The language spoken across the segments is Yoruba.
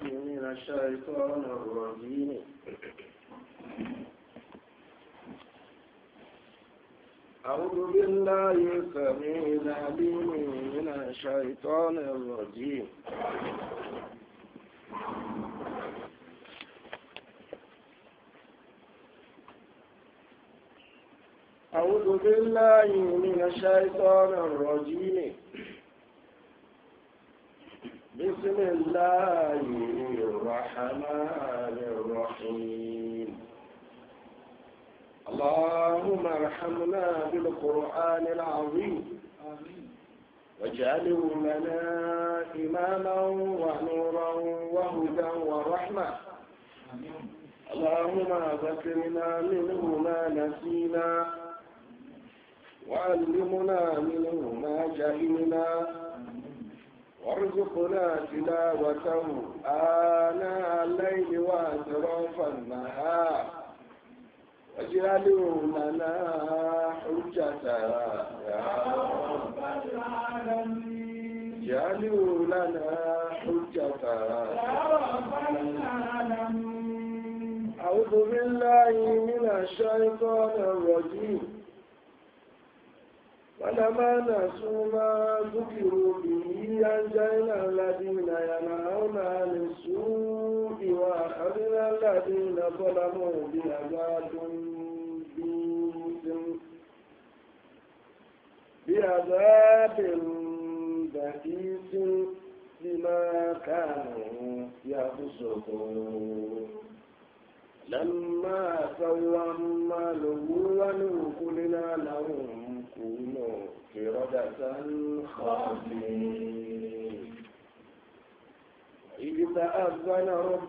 بالله من الشيطان الرجيم أعوذ بالله السميع العليم من الشيطان الرجيم أعوذ بالله من الشيطان الرجيم بسم الله الرحمن الرحيم اللهم ارحمنا بالقرآن العظيم واجعله لنا إماما ونورا وهدى ورحمة اللهم ذكرنا منه ما نسينا وعلمنا منه ما جهلنا وارزقنا تلاوته آناء الليل وأطراف النهار واجعله لنا حجة يا رب العالمين اجعله لنا حجة يا رب العالمين أعوذ بالله من الشيطان الرجيم ولما نسوا ما ذكروا به أنجينا الذين ينهون عن السوء وأخذنا الذين ظلموا بعذاب بعذاب بئيس بما كانوا يفسقون لما سوى ماله خبير إذ تأذن ربك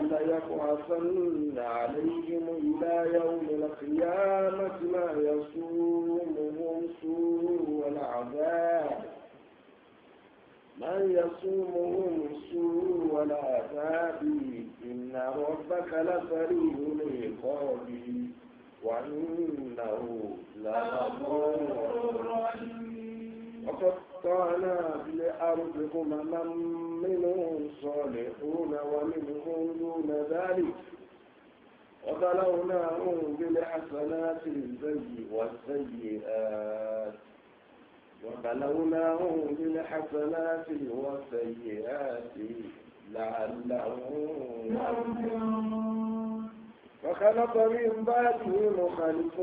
ليبعثن عليهم إلى يوم القيامة ما يصومهم سوء العذاب ما يصومهم سوء العذاب إن ربك لسريع العقاب وإنه لغفور رحيم وقطعنا في الأرض أمما منهم صالحون ومنهم دون ذلك وبلوناهم بالحسنات والسيئات وبلوناهم بالحسنات والسيئات لعلهم فخلق من بعدهم خلق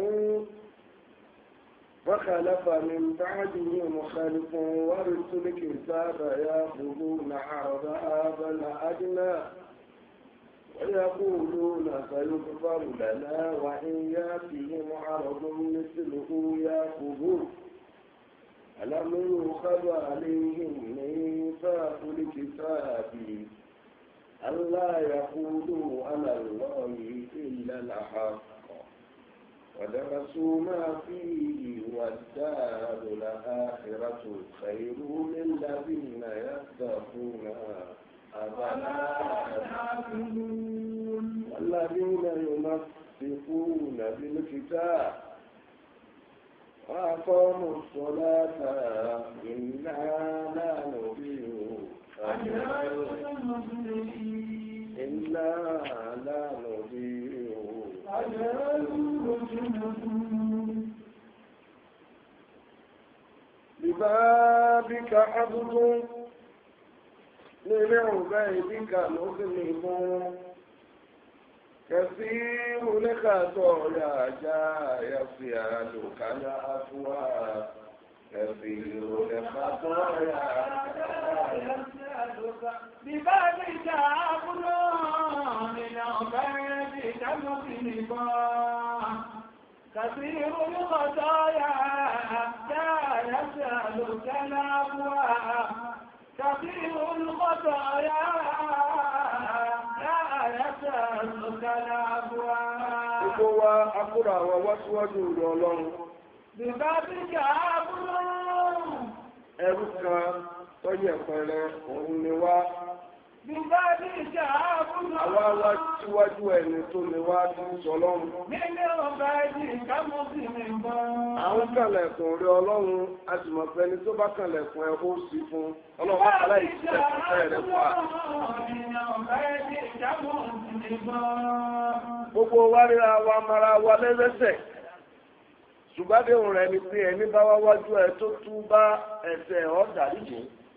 وخلف من بعده مخالف ورث الكتاب يأخذون عرض هذا الأدنى ويقولون سيغفر لنا وإن يأتهم عرض مثله يأخذوه ألم يؤخذ عليهم ميثاق الكتاب ألا يقولوا على الله إلا الحق ودرسوا ما فيه والدار الآخرة خير للذين يتقون أفلا تعقلون والذين ينفقون بالكتاب وأقاموا الصلاة إنا لا نضيع أجر المصلحين إنا لا نضيع أجر ببابك حفظ لعبيدك مظلم كثير لخطايا جاء يصيادك العفو كثير لخطايا ببابك عبد لعبيدك مظلم كثير الخطايا لا يسألك الأبواب كثير الخطايا ya ya wa wá síwájú ìrọ̀ ọlọ́run. Bìbá bí kà á búrú. Ẹrú kan tọ́jú ẹ̀pẹ̀rẹ̀ òun ni wá. Àwa wá síwájú ẹni tó lè wá sí ìṣọ́lọ́run. Nílé ọba ẹjì ìkámọ́ sí mi bọ́. Àwọn kànlẹ̀kùn rí ọlọ́run, a sì mọ̀ pé ẹni tó bá kànlẹ̀kùn ẹ ó sí fún. Ọlọ́run bá kàlá ìṣẹ́ ìṣẹ́ rẹ̀ wá. Nílé ọba ẹjì ìkámọ́ sí mi bọ́. Gbogbo wa ríra wa mara wa lẹ́sẹ̀sẹ̀ ṣùgbádé òun rẹ̀ ni pé ẹni bá wá wájú ẹ tó tún bá ẹsẹ̀ ọ̀dà dídùn.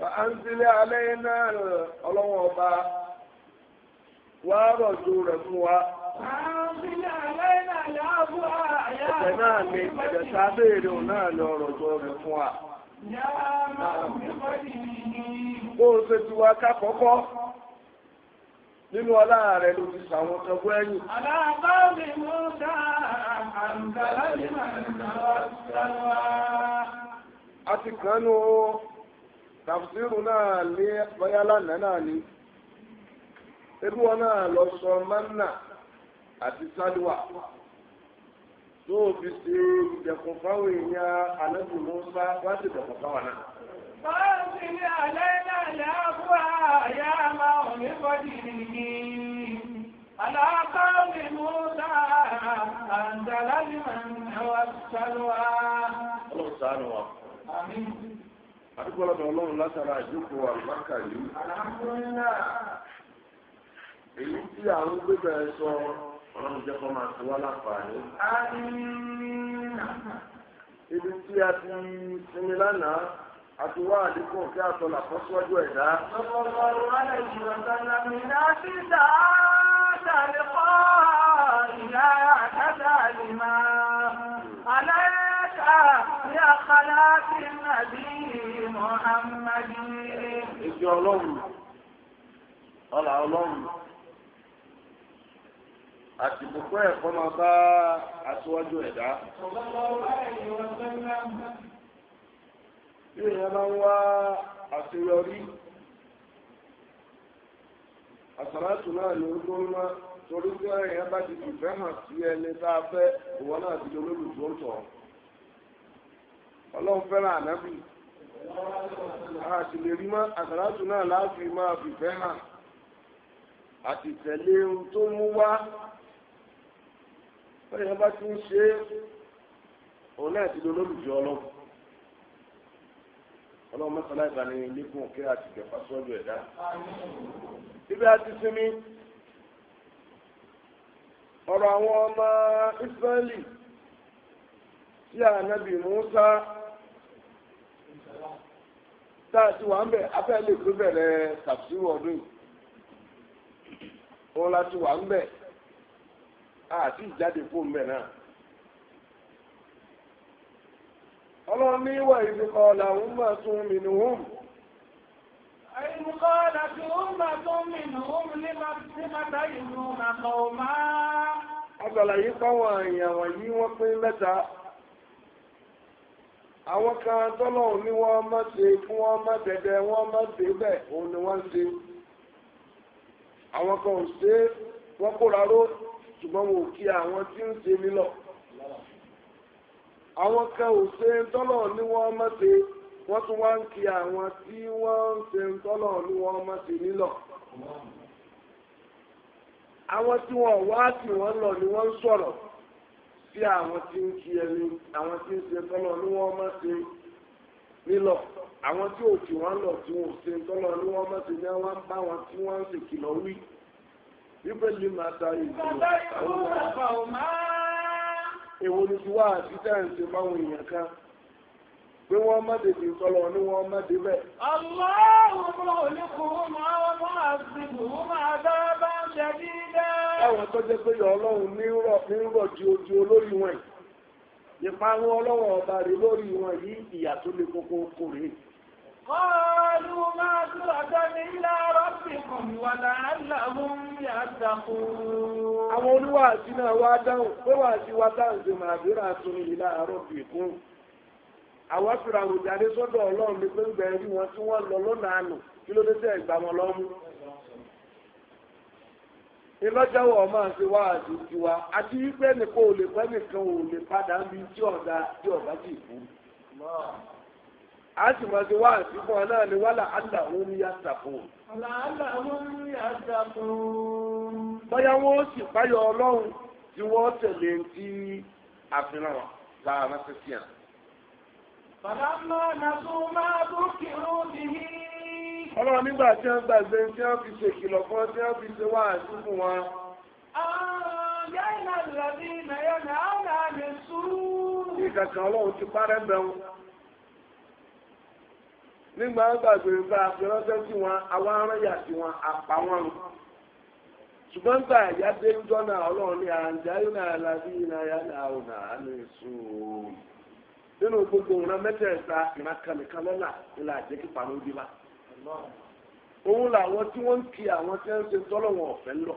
fàánzílẹ̀ alẹ́ náà ọlọ́wọ́n ọba wà rọ̀jò rẹ̀ fún wa. fàánzílẹ̀ alẹ́ náà láàbù àyà. ọ̀sẹ̀ náà ni ìjẹ̀ta béèrè òun náà lọ rọ̀jò rẹ̀ fún wa. bó o ṣe ti nínú ọlá rẹ̀ ló ti sàwọn ọ̀tọ̀gbọ́ ẹ̀yìn. aláàbá mi mú dáa àǹdà láti máa ń lọ sọ́wọ́. a ti kàn án nù tàfsírù náà lé bóyá lánàá náà ni irú wọn náà lọ sọ mánà àti sálíwà tó o fi ṣe ìdẹ̀kùn fáwọn èèyàn ànábì Mùsá wá sí ìdẹ̀kùn fáwọn náà. Báyọ̀sí ni àlẹ́ náà lè fún àyà máa ò ní bọ́dì nìyí. Àlàkọ́ mi Mùsá àǹdàlá ni màá wá sálíwà. adúgbòlọ́dọ̀ ọlọ́run látara àjókòó àlùbáríkà yìí. èyí tí à ń sọ ọlọ́run jẹ́ kó máa ti wá láǹfààní. ibi tí a ti sinmi lánàá àti wá àdínkù kí a sọ làkọ́síwájú ẹ̀dá. ọ̀pọ̀lọpọ̀ wàhálà ìjìnlẹ̀ sọ̀rọ̀ mi náà ti dà á sàlẹ̀ kọ́ ìyá àtàtà àlìmọ́. àlẹ́ ká ní àkàlà sí nàbí. Muhammadu. Èjì ọlọ́run, ọlà ọlọ́run. Àtìkùkù ẹ̀kọ́ máa bá aṣíwájú ẹ̀dá. Bí èèyàn bá ń wá àṣeyọrí, àṣàlátù náà ni ó tó ń máa torí pé èèyàn bá ti fìfẹ́ hàn sí ẹni tá a fẹ́ ìwọ a sì lè rí mọ́ àsàlátù náà láti máa fìfẹ́ hàn àti tẹ̀lé ohun tó mú wá wọ́n yẹn bá ti ń ṣe òun náà ti di olólùjọ ọlọ́run ọlọ́run mẹ́sàn-án láìpẹ́ ní lẹ́kùn òkè àti ìjọba sọ́jọ́ ẹ̀dá ibi àti sinmi ọ̀rọ̀ àwọn ọmọ Ísírẹ́lì tí ànábì Mùsá. tá a ti wà ń bẹ̀ afẹ́ lè tó bẹ̀rẹ̀ tàbísírù ọdún yìí láti wà ń bẹ̀ àti ìjáde fún bẹ̀ náà. ọlọ́run ní ìwà ìdíkọ̀ làwọn máa tún mi ní wọ́n. àwọn kan tọ́lọ́hún ní wọ́n má ṣe fún má dẹ̀dẹ̀ wọ́n má ni wọ́n ṣe àwọn kan ò ṣe wọ́n kóra ró ṣùgbọ́n wọn ò kí àwọn tí ń ṣe nílọ̀ àwọn kan ò ṣe tọ́lọ́hún ní wọ́n má ṣe wọ́n tún wá ń kí àwọn tí wọ́n ṣe tọ́lọ́hún ní wọ́n má ṣe nílọ̀ àwọn tí wọ́n wọn lọ ni wọ́n ń sí àwọn tí ń kí ẹni àwọn tí ń ṣe tọ́lọ̀ ní wọ́n má ṣe nílọ̀ àwọn tí ò tí wọ́n lọ tí wọ́n ṣe tọ́lọ̀ ní wọ́n má ṣe ní wọ́n bá wọn tí wọ́n ń ṣèkìlọ̀ wí. wípé lè máa ta ìgbìmọ̀ èwo ni ti wá àti tẹ́ǹsì báwọn èèyàn kan pé wọ́n má dèbì tọ́lọ̀ ní wọ́n má débẹ̀. ọlọ́run mọ̀ ní kò máa wọ́n máa sì máa dá bá ń láwọn tó jẹ́ pé ọlọ́run ní rọ̀ di ojú olórí wọn yìí ìparun ọlọ́run ọba rẹ̀ lórí wọn yìí ìyà tó le koko kò rèé. Kọ́ọ̀lù máa tún àtọ́ni ilá rọ́bìkùn wà láàlàhùn yàtàkù. Àwọn oníwàásí náà wá dáhùn, pé wàásí wá dáhùn sí màá bèèrè àtúnni ilá rọ́bìkùn. Àwọn fìràwò sọ́dọ̀ ọlọ́run ní pé ń bẹ̀rẹ̀ wọn tí wọ́n lọ lọ́nà kí ló dé tẹ̀ ìgbà lọ́mú ìlọ́jọ́wọ́ ọmọ àti wá àdìjì wa àti wípé nìkan ò lè pẹ́ nìkan ò lè padà ń bi tí ọ̀gá tí ọ̀gá sì kú. a sì máa ti wá àdìgbò náà ni wàhálà àlà òun yà sàkó. àlà òun yà sàkó. bóyá wọn ó sì báyọ ọlọ́run tí wọ́n tẹ̀lé ti àfihàn láàrin sísìn. bàbá máa nà tó máa tó kírun nìyí ọlọ́run nígbà tí wọ́n gbàgbé tí wọ́n fi ṣèkìlọ̀ fún tí wọ́n fi ṣe wá àtúntò wọn. ìkàkàn ọlọ́run ti parẹ́ bẹ̀rù nígbà wọn gbàgbé nígbà àfẹránṣẹ́ sí wọn àwọn aráyà sí wọn àpá wọn rùn ṣùgbọ́n nígbà ìyá dé ń jọ́nà ọlọ́run ní àǹjá yóò náà lábí náà yá náà ò náà ní sùn nínú gbogbo ìran mẹ́tẹ̀ẹ̀ta ìran kanìkan lọ́la ìlà àjẹkípa ló dé bá òun làwọn tí wọ́n ń kí àwọn tí wọ́n ń ṣe tọ́lọ́wọ̀n ọ̀fẹ́ lọ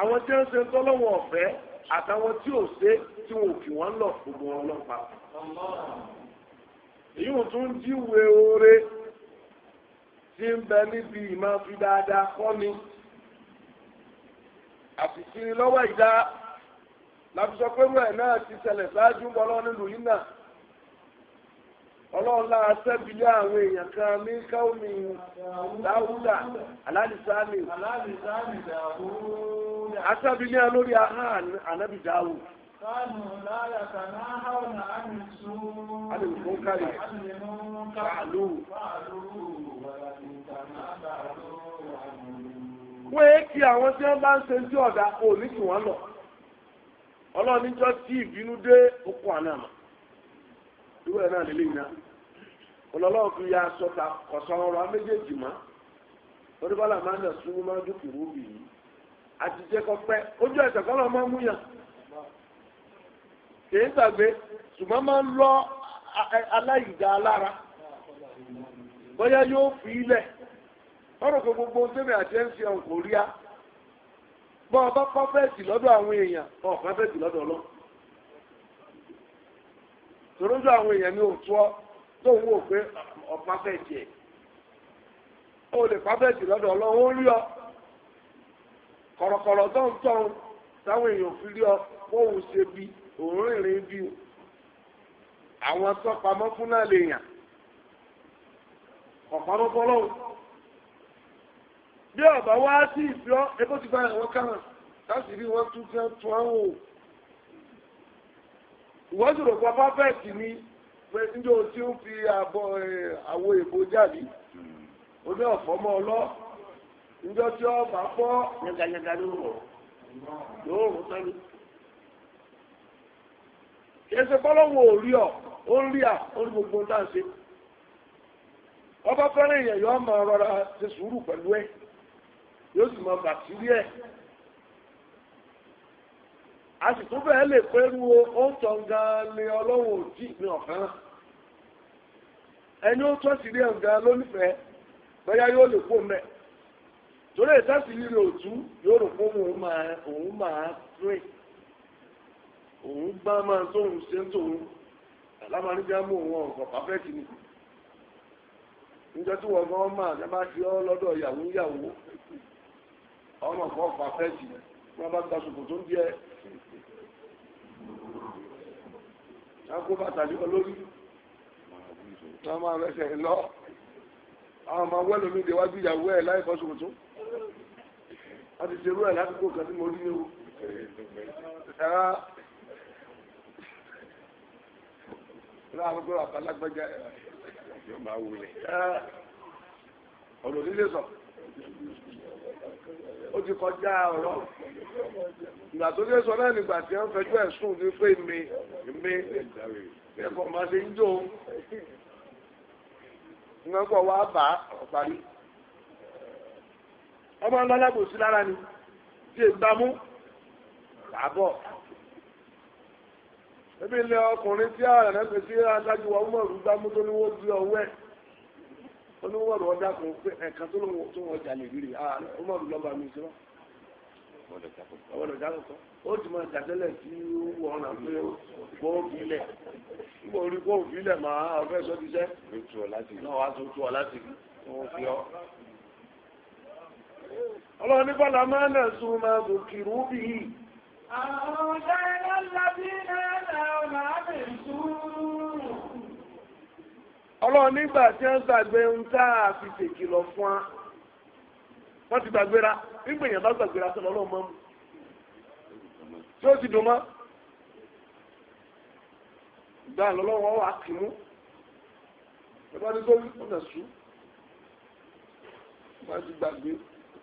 àwọn tí wọ́n ń ṣe tọ́lọ́wọ̀n ọ̀fẹ́ àtàwọn tí ò ṣe tí wọn ò kì wọ́n lọ gbogbo wọn lọ́pàá èyí ò tún jíwèé oore tí ń bẹ níbi ìmọ̀ fi dáadáa kọ́ ni àfìsí lọ́wọ́ ìdá láti sọ pé rú ẹ̀ náà ti ṣẹlẹ̀ ṣáájú bọ́lọ́ nílùú yìí náà ọlọ́run lára sẹ́bílé àwọn èèyàn kan mí káwọ́mì dáúdà aláàdìsáàmì asẹ́bílé lórí ahá ànábì dáwù. Kánù láyà kàná hàn àmì sùn. Àlè mú kárì. Àlè mú kárì. Fàlù. Fàlù. Wọ́n yé kí àwọn tí wọ́n bá ń ṣe ìwé náà lè léyìn náà ọlọ́lọ́wọ́ fi ya sọta ta ọrụ ọ̀rọ̀ méjèèjì mọ́ oníbàlà máa ń nà súnmọ́ máa dúkìá rúbì yìí àtijọ́ kọ pẹ́ ojú ẹ̀sẹ̀ kọ́ lọ́ọ́ máa mú yàn kì í ṣùgbọ́n máa fi ilẹ̀ ọ̀rọ̀ gbogbo àti kò rí a bọ́ ọ bá pọ́fẹ́ẹ̀tì lọ́dọ̀ àwọn èèyàn torójú àwọn èèyàn ní òtú ọ tó ń wò pé ọ̀pá fẹ́ tiẹ̀ ó lè pápẹ́ẹ̀tì lọ́dọ̀ ọlọ́run ó rí ọ kọ̀rọ̀kọ̀rọ̀ tó ń tọ́ táwọn èèyàn fi rí ọ wọ́n ò ṣe bí òun rìnrìn bí àwọn tó pamọ́ fún náà lè yàn ọ̀pọ̀lọpọ̀ fọlọ́hùn bí ọ̀bá wá sí ìfẹ́ epo ti gba ẹ̀wọ̀n káràn láti rí wọn tún fẹ́ tún àwọn òkú. ìwọ́n sì rò pé perfect ni pé tí ń fi àbọ̀ àwo èbó jáde hmm. ó ọ̀fọ́ mọ́ ọ lọ tí ó bá fọ́ ló rọ̀ yóò sẹ́ni. ọ ó ń rí à ó ní gbogbo ṣe. ọba máa rọra ṣe sùúrù pẹ̀lú ẹ yóò a sì tún bẹ́ẹ̀ lè pẹ́rú oúnjẹ gan lé ọlọ́run òdì ní ọ̀kan ẹni ó tọ́ sí ilé ọ̀gá lónìfẹ̀ẹ́ bẹ́yà yóò lè pò mẹ́ torí ìtẹ́sí lílo òtún yóò rò pé òun máa òun máa pè òun bá máa tóun ṣe ń tóun alámàlúgbà mú òun ọ̀gọ̀ pàfẹ́tì ni níjọ́ tí wọ́n gan máa ní bá fi ọ́ lọ́dọ̀ ìyàwó ìyàwó ọmọ kan pàfẹ́tì wọ́n bá gba ṣòkòtò ń bí ẹ ṣàkóbá tàbí olórí wọ́n máa rẹsẹ̀ lọ àwọn ọmọ wẹ́lú mi dé wájú ìyàwó ẹ̀ láì fọ́ kan tí mo rí ní o ẹ̀rá ní àwọn gbọ́dọ̀ àbálágbájá ẹ̀ ọ̀rọ̀ nílé sọ ó ti kọjá ọ̀rọ̀ ìgbà tó dé sọ náà nígbà tí wọ́n fẹjọ́ ẹ̀sùn ní pé mi mi ẹ̀kọ́ máa ṣe ń jò ó wọ́n pọ̀ wá bá ọ̀parí ọmọ ọlọ́lágbòsí lára ni tí èyí bá mú àbọ̀ ebi ilé ọkùnrin tí àwọn ẹ̀rẹ́ pèsè adájú wa ó mọ̀ rú gbámú tó ní wọ́n di ọwọ́ ẹ̀. onu ọ̀rọ̀ ọjà kan pé ẹ̀ka tó lóun tó wọn jà lè rè ah ó má lọ bá mi sí wọn. ọwọ́ lọ́jà kọ̀kọ́ ó ti máa jàdẹ́lẹ̀ tí ó wọ ọ̀nà pé kó o fi lẹ̀ nígbà orí máa ọ̀fẹ́ sọ ti sẹ́. náà wàá ọ láti fi ọ ọlọ́run ní bọ́lá máa ń sùn máa bò kìrú bì náà ọlọ́run nígbà tí wọ́n gbàgbé ń tá a fi ṣèkìlọ̀ fún wa wọ́n ti gbàgbéra nígbà èèyàn bá gbàgbéra sọ lọ́lọ́run mọ́ mu tí ó ti dùn mọ́ gbà lọ́lọ́run wà kì mú ẹ̀bá ní tó ọ̀nà sùn wọ́n ti gbàgbé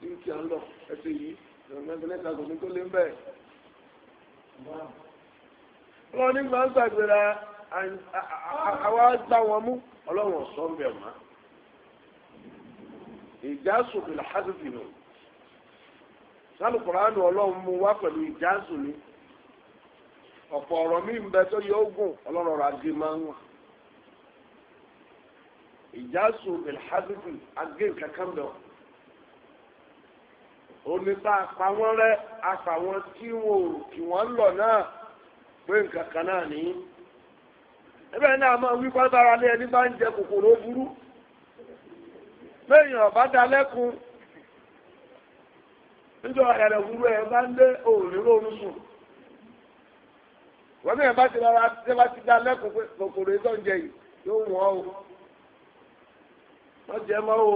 ní kí á lọ ẹsẹ̀ yìí ìrọ̀lẹ́ ìpínlẹ̀ ìtàgùn ní tó lé ń bẹ̀. ọlọ́run nígbà ń gbàgbéra àwa gbà wọn mú. ọlọ́run sọ ń bẹ̀ wọ́n ìjásùn ní làhásìtì nù sálùkùránù ọlọ́run mú wá pẹ̀lú ìjásùn ní ọ̀pọ̀ ọ̀rọ̀ mi ń bẹ tó yẹ ogun ọlọ́run ọ̀rọ̀ agé máa ń wà ìjásùn ní làhásìtì agé bá ẹbẹ́ náà máa wí pátára lé ẹni bá ń jẹ kòkòrò burú lẹ́yìn ọ̀bá dalẹ́kun níjọ ẹ̀rẹ̀ burú ẹ̀ bá ń lé òòrùn lóorun wọ́n ní ẹ̀bá ti rárá tí wọ́n ti kòkòrò ń jẹ yìí wọ́n o wọ́n jẹ mọ́ o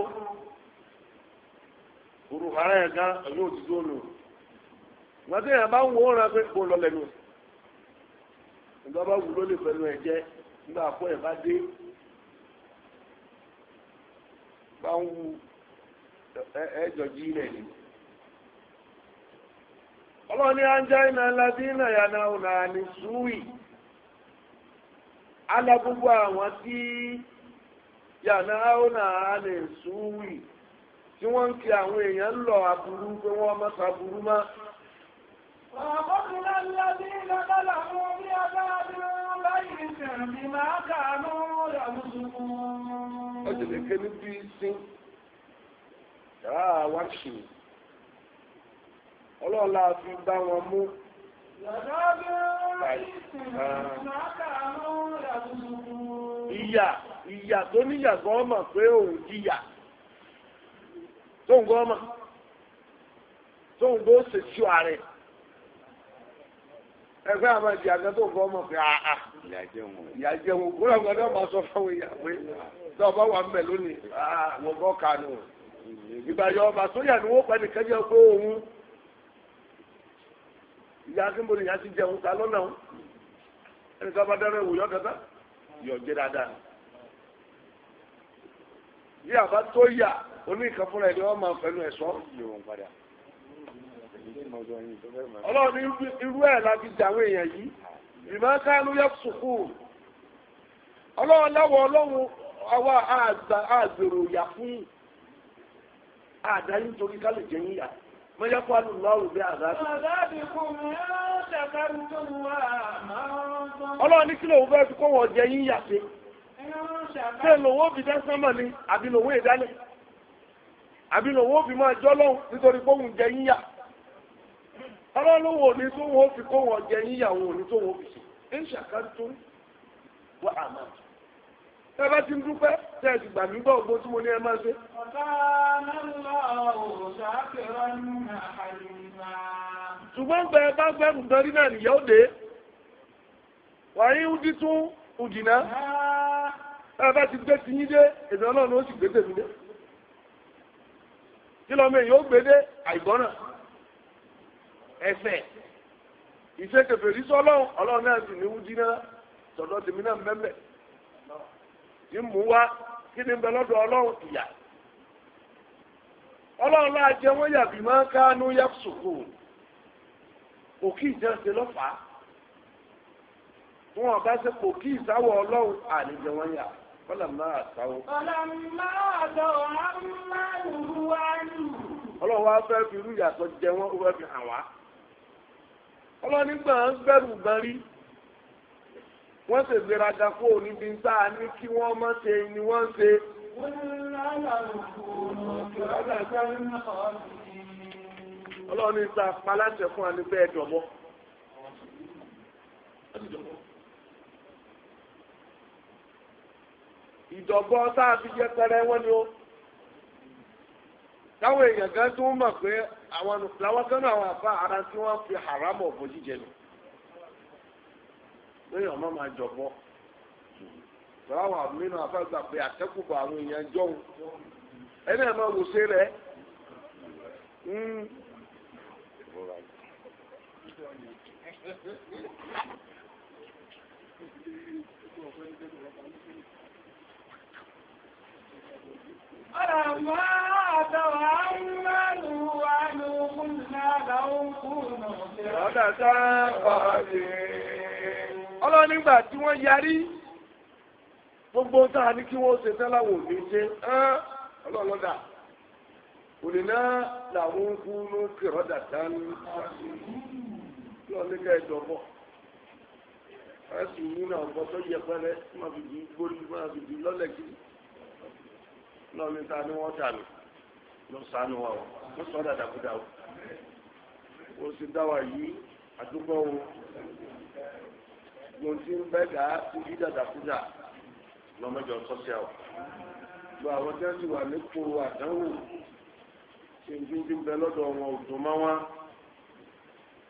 burú nígbà àpọ̀ ẹ̀ bá dé bá ń wu jí ilẹ̀ ni. ọlọ́run ní ánjá iná ládínà ọ̀nà ní sùúrì ala gbogbo àwọn tí yàrá ọ̀nà ní sùúrì tí wọ́n ń kí àwọn èèyàn lọ aburú pé wọ́n má sa aburú mọ́. Àwọn ọmọkùnrin ńlá ní ìlànà làwọn ọjọ́ lẹ́kẹ́ ní bí sín yàrá wa ṣì ọlọ́ọ̀la fi bá wọn mú. Ìyà ìyà tó níyà gan mọ̀ pé òun jìyà tóun gan mọ̀ tóun gbó ṣètú ààrẹ. ẹgbẹ́ àwọn ìdí àgbẹ̀ tó fọ́ ọmọ pé àà ah, ah. ìyá wọn kúrò gbọ́dọ̀ máa sọ fáwọn èèyàn pé tó ọba wà mẹ́ lónìí ah, wọn bọ́ kánú ìgbà yọ ọba sóyà ni wọ́n pẹ́ni kẹ́jọ́ pé òun ìyá akínbó ni ìyá ti jẹun ta lọ́nà o ẹni tó bá dáná ìwò yọ dáadáa yọ jẹ dáadáa bí àbá tó yà oníkan fúnra ẹni wọn máa fẹnu ọlọ́run irú ẹ̀ la fi jà àwọn èèyàn yìí ìmọ̀ọ́ká ló yẹ sùkú ọlọ́run láwọ ọlọ́run àwa àgbèrò ìyà fún àdáyé nítorí ká lè jẹ́ yíyà mọ́já kó àlù lọ́rùn bí àdáyé. ọlọ́run ní kí lòun fẹ́ fi kó wọ́n jẹ yíyà sí ṣé lòun ó fi dá sánmọ̀ ni àbí lòun èdálẹ̀ àbí lòun ó fi máa jọ́ lọ́hùn nítorí pé òun jẹ yíyà ọlọ́lọ́wọ́ òní tó wọ́n fi kó wọn jẹ yíyàwó òní tó wọ́n fi ṣe ń ṣàkántó wà àmà ẹ bá ti ń dúpẹ́ tẹ́ ẹ ti gbà mí gbọ́ ògbó tí mo ní ẹ máa ṣe. ọ̀gá mẹ́lá ọ̀sà kẹrọ ní àyùmá. ṣùgbọ́n gbẹ bá gbẹrù dọrí náà nìyá òde wàyí ń dí tún ùdìnà ẹ bá ti gbé tiyín dé èdè ọlọ́run ó sì gbé tèmi dé kí lọ́mọ èèyàn ó gbé dé àìgbọ́n náà ẹ̀ṣẹ̀ ìṣèkèfèrí sọlọ́run ọlọ́run náà sì ní wújí náà tọ̀dọ̀ tèmi náà mẹ́mẹ́ tí mú wá kí ni ń bẹ lọ́dọ̀ ọlọ́run ìyà ọlọ́run náà jẹ́ wọ́n yàbí máa ń kánú yàtúkù òkì ìjẹsẹ̀ lọ́fàá wọn ọba ṣe kò kí ìsáwọ̀ ọlọ́run àlejò wọn yà fọlọ́mọ àtàwọn. fọlọ́mọ àtọ̀ ọ̀hánmá lùwánù. ọlọ́run wa fẹ́ fi irú ìyàtọ̀ jẹ wọ́n ó fẹ́ fi hàn wá ọlọ́ni gbà ń bẹ̀rù gan rí wọ́n ṣe gbéraga kó o níbi ń tá a ní kí wọ́n má ṣe ni wọ́n ṣe. ọlọ́ni ta paláṣẹ fún anígbẹ́ ẹ̀dọ̀mọ́. ìdọ̀bọ tá a fi jẹ́ pẹrẹ wọ́n ni ó. táwọn èèyàn gan tó mọ̀ pé àwọn làwọn kan àwọn ara tí wọ́n fi haram ọ̀bọ jíjẹ lọ ọmọ máa jọ̀bọ tọ́lá wà nínú gbà pé àwọn èèyàn ẹni ẹ̀ máa wò rẹ̀ ọ̀rọ̀ àwọn ọ̀dàṣà ọ̀dẹ̀. ọlọ́run nígbà tí wọ́n yarí gbogbo tá a ní kí wọ́n ṣe tẹ́láwò ní ṣe ọlọ́run lọ́dà òlìnà làwọn ń kú ní kìrọ́dà tán lọ́ọ́ ní ká ẹ̀dọ̀ bọ̀ ẹ̀sùn yìí náà bọ́ tó yẹ pẹ́rẹ́ má fi di gbórí má fi di lọ́lẹ̀ kiri lọ́ọ́ ní ni wọ́n tà ní lọ́ọ́ sànù wa ó sọ́ọ́ dàdàkúdà ó ó sì dáwà yìí àdúgbò wo gbọ́n tí ń bẹ́ gàá síbi dàdàkúdà lọ́mọdé ọ̀sọ́sẹ́ ọ̀ lọ àwọn tí wọ́n ti wà nípò àdánwò ṣe ń dín bẹ lọ́dọ̀ wọn ò dùn mọ́ wọn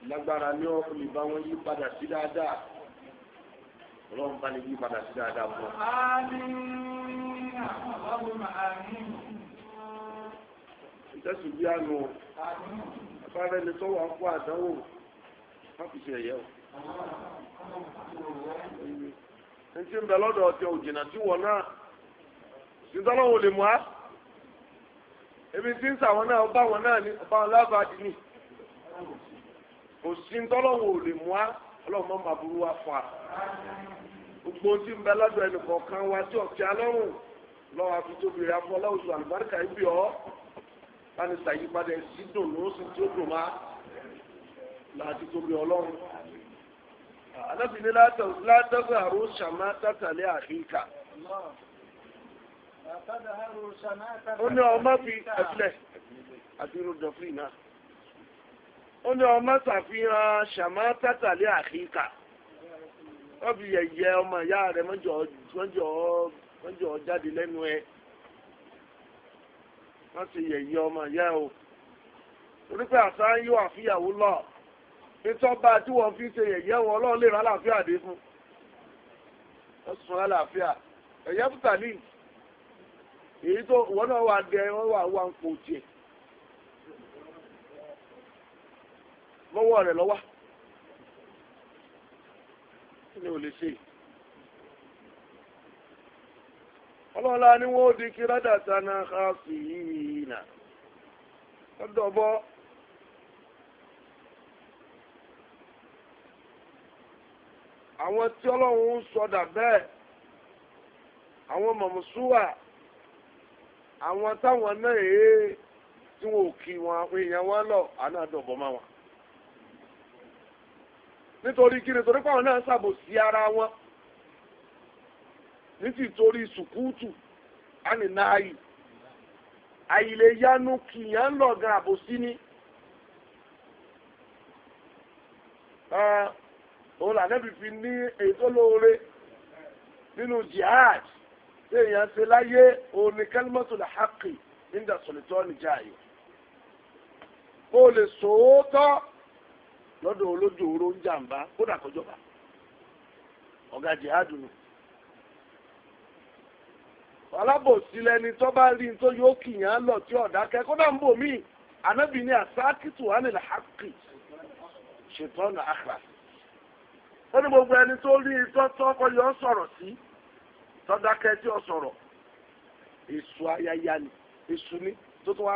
lágbára ní ọ̀pọ̀ ìbá wọn yí padà sí dáadáa ọlọ́run bá ní yí padà sí dáadáa fún ọ. ìtẹ̀sùn bí àná. fara ẹni tó wà fún àdánwò má fi ṣe ẹ̀yẹ́ o. ẹni tí ń bẹ lọ́dọ̀ ọtí òjìnà tí wọ̀ náà lè mú a ebi tí ń sàwọn náà ọba wọn náà ní ọba wọn lábàádì ní kò sí ńtọ́lọ́ lè mú a ọlọ́run mọ́ burú wa fà gbogbo tí bẹ lọ́dọ̀ láti ṣàyípadà sí dùn ló sì tí ó dùn má láti tóbi ọlọ́run. alábìnrin látọ́sọ̀ àrùn ṣàmá tàtàlẹ́ àríkà. ó ní ọmọ fi ẹ̀fílẹ̀ àti rúdọ̀fì náà. ó ní ọmọ ṣàfihàn ṣàmá tàtàlẹ́ àríkà. wọ́n fi yẹ̀yẹ́ ọmọ ìyá rẹ̀ mọ́jọ́ jáde lẹ́nu ẹ̀ wọ́n ti yẹ̀yẹ́ ọmọ ìyá o torí pé àṣà ń yọ àfihàwó lọ nítọ́ba tí wọ́n fi ṣe yẹ̀yẹ́ wọn ọlọ́run lè rà láàfíà dé fún wọ́n sùn rà láàfíà ẹ̀yẹ́ bùtàlì èyí tó wọ́n náà wà dẹ wọ́n wà wà ń pò tiẹ̀ lọ́wọ́ rẹ̀ lọ́wọ́ kí ni ò lè ṣe yìí. ọlọ́la ni wọ́n di kí ládàtà náà ká sí yìí nà àwọn tí ọlọ́run ń sọdà bẹ́ẹ̀ àwọn mọ̀mùsúwà àwọn táwọn náà èé tí wọn ò kí wọn èèyàn wọn lọ àná ara wọn. nítì torí sùkúùtù àní náàyì àyìlè yanu kìyàn ń lọ̀gàn àbòsí ni. Ah, òun lànàbì fi ní èyí tó lóore nínú jihad tí èèyàn ṣe láyé òun ni kálímọ́tòlá hákì nígbà sọ̀lẹ̀tọ́ níjà yìí. kó o lè sòótọ́ lọ́dọ̀ olójú oró ń jàǹbá kódà kọjọba ọ̀gá jihad nù. alábòsí lẹni tó bá rí tó yóò kìyàn lọ tí ọ̀dà kẹ́kọ̀ọ́ náà ń bò mí ànábì ni àsákìtù wà nílẹ̀ hákì àkàrà. ó ní gbogbo ẹni tó rí tó yọ sọ̀rọ̀ sí tí sọ̀rọ̀ ayaya ni ni tó tó wá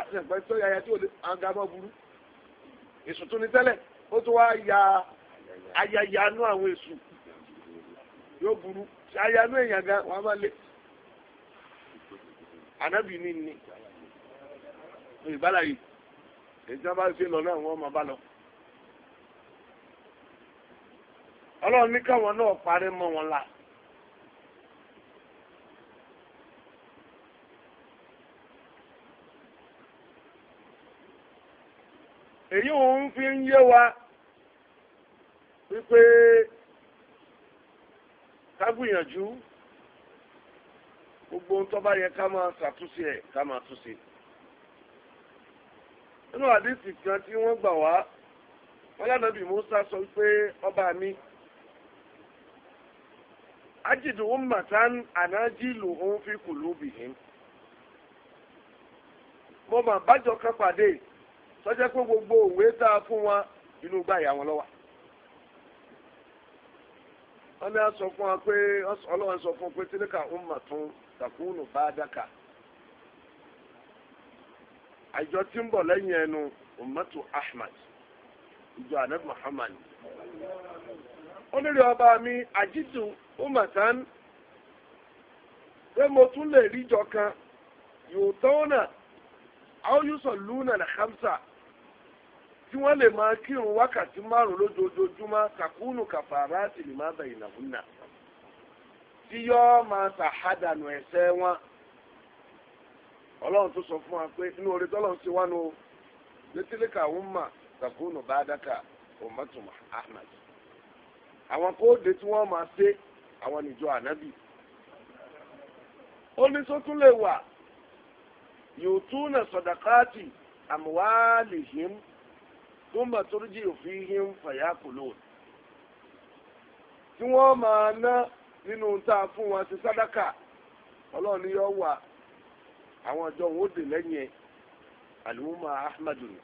yaya tí ò lè burú tó ní tẹ́lẹ̀ ó tó wá ya ayaya nú àwọn yóò burú ànábì ní ní ìbálà yìí èyí tí wọ́n bá ṣe lọ náà wọ́n máa bá lọ. ọlọ́run ní káwọn náà parí mọ́ wọn la. èyí òun fi ń yé wa wípé ká gbìyànjú. gbogbo ntọba tó bá yẹ ká máa ṣàtúnṣe ẹ̀ ká máa túnṣe. nínú àdìsí kan tí wọ́n gbà wá wọ́n Musa sọ pé ọba mi ajidu ummatan anajilu òun fi kulubihim mo mà bájọ kan pàdé sọjẹ́ pé gbogbo òwe tá a wa inú wọn lọ́wọ́ wọ́n sọ fún wa pé ọlọ́run sọ fún wa pé tíníkà ummatun takunu ba'daka àjọ tí ń bọ̀ lẹ́yìn ẹnu ummatu ahmad ìjọ anab muhammad onírè ọba mi ajitu umatan pé mo tún lè ríjọ kan yóò tọ́wọ́nà àwòyúsọ lúnà nà hamsa tí wọ́n lè máa kírun wákàtí márùn-ún lójoojúmọ́ takunu kàfàrà tìlímà bẹ̀yìn nàbúnà. tí ma máa hada ẹ̀ṣẹ̀ wọn ọlọrun tó sọ fún wa pé inú oore tọ́lọ́run ti wá nu o takunu bàdákà ọmọtùmọ̀ ahmed àwọn kóòdù tí wọ́n máa ṣe àwọn níjọ ànábì ó ní sótún lè wà yóò tún nà sọ̀dàkáàtì àmúwálìhìm tó ń bà torí jí òfin fàyà tí máa ná. nínú tá a fún wọn ṣe sádàkà ọlọ́run ni yọ wà àwọn ọjọ́ òun ó dè lẹ́yìn ẹ̀ ahmadu ni.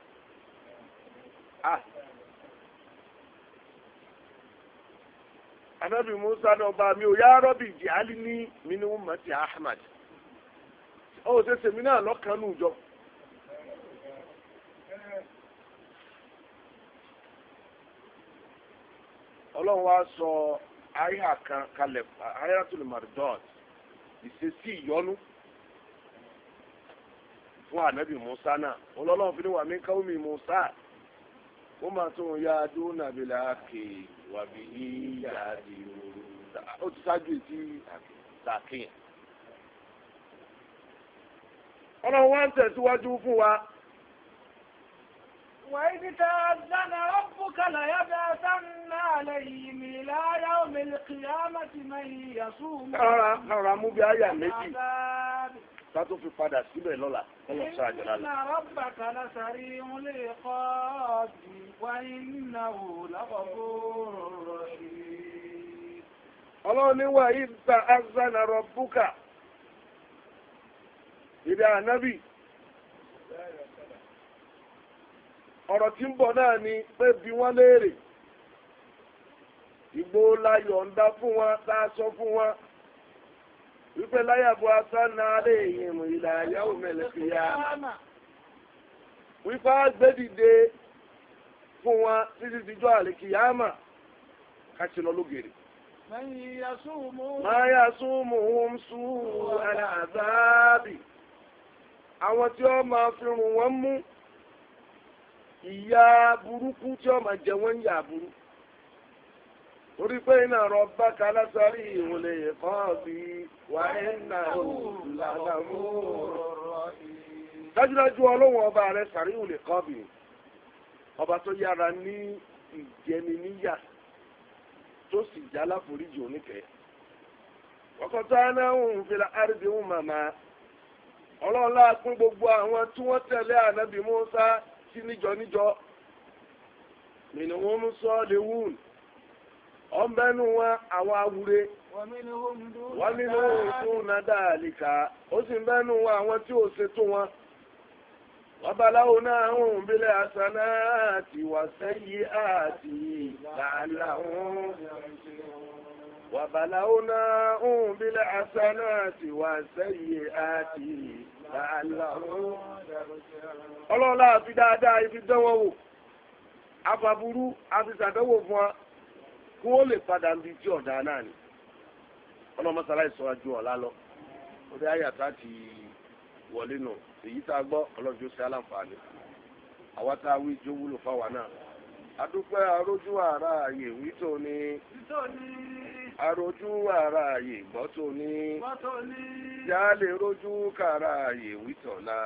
anabi musa náà bá mi ò yá rọ́bì jìálì ní minimu mati ahmad ó ṣe sèmi náà lọ́kàn nù ọlọ́run wá sọ. So, àyà kan kalẹ̀ àyà tó lè ìyọnu fún Musa náà ọlọ́lọ́run fi ní wàmí káwọ́mì Musa ó máa tó wọn yá adó nàbìlà kè wàbí yíyá àdìrò ó ti ṣáájú ètí sàkíyàn. ọlọ́run wá ń fún wa. وإذ تأذن رَبُّكَ ليبعثن عليهم إلى يوم الْقِيَامَةِ من يصوم rárá rárá mú bí àyà méjì ká tó fi padà síbẹ̀ lọ́la ọlọ́ sá àjọlá lọ. inna rabbaka lasari'ul iqabi wa innahu laghafurur rahim. ọlọ́run ní wa idh ta'azzana rabbuka ìdá ànábì ọ̀rọ̀ tí ń bọ̀ náà ni pé bí wọ́n léèrè ìgbó láyọ̀ ń dá fún wọn tá a fún wọn wípé láyàbọ̀ asánà alẹ́ èèyàn ìlà àyàwó mẹ́lẹ̀kìyà wípé á gbé dìde fún wọn títí dijọ́ àlèkìyàmà káṣí lọ lógèrè. máa yà súnmù ń sùn àlàzáàbì àwọn tí wọ́n máa fi rùn wọ́n mú. ìyá burúkú tí ọmọ jẹ wọn yà burú orí pé iná rọ bá kálásárì ìwòlè kan bí wà iná làlámú dájúdájú ọlọ́wọ́n ọba rẹ sàrí ìwòlè bí ọba tó yára ní ìjẹni níyà tó sì já láforíjì oníkẹ́ ọkọ̀tọ́ la fìlà árídìhùn màmá ọlọ́ọ̀lá kún gbogbo àwọn tí wọ́n tẹ̀lé ànábì sí níjọ níjọ ọ sọ́ọ̀lì wùn ọ̀nbẹ́nu wọn àwọn awure wọn nínú òkú nàdá àlìkà ó sì ń bẹ́nu wọn àwọn tí ò ṣètò wọn. wọ́n bá láwo náà ń hùn bílẹ̀ àṣánà àti wàṣẹ́yí àti làálà wọn. wọ́n bá láwo náà ń hùn bílẹ̀ àti àti ọlọ́ọ̀lá àfi dáadáa ibi dánwọ́ wò afaburú àfi sàdánwò fún wa kó o lè padà níbi tí ọ̀dà náà ni ọlọ́mọsálá ju ọ̀la lọ ó dé ti wọlé nù èyí tá a gbọ́ ọlọ́jọ́ sí aláǹfààní àwa tá a wí jó wúlò fáwa náà adúpẹ́ arójú àárá wí àròjú ara àyè gbọ́ tó ní. lè rojú kara àyè witola.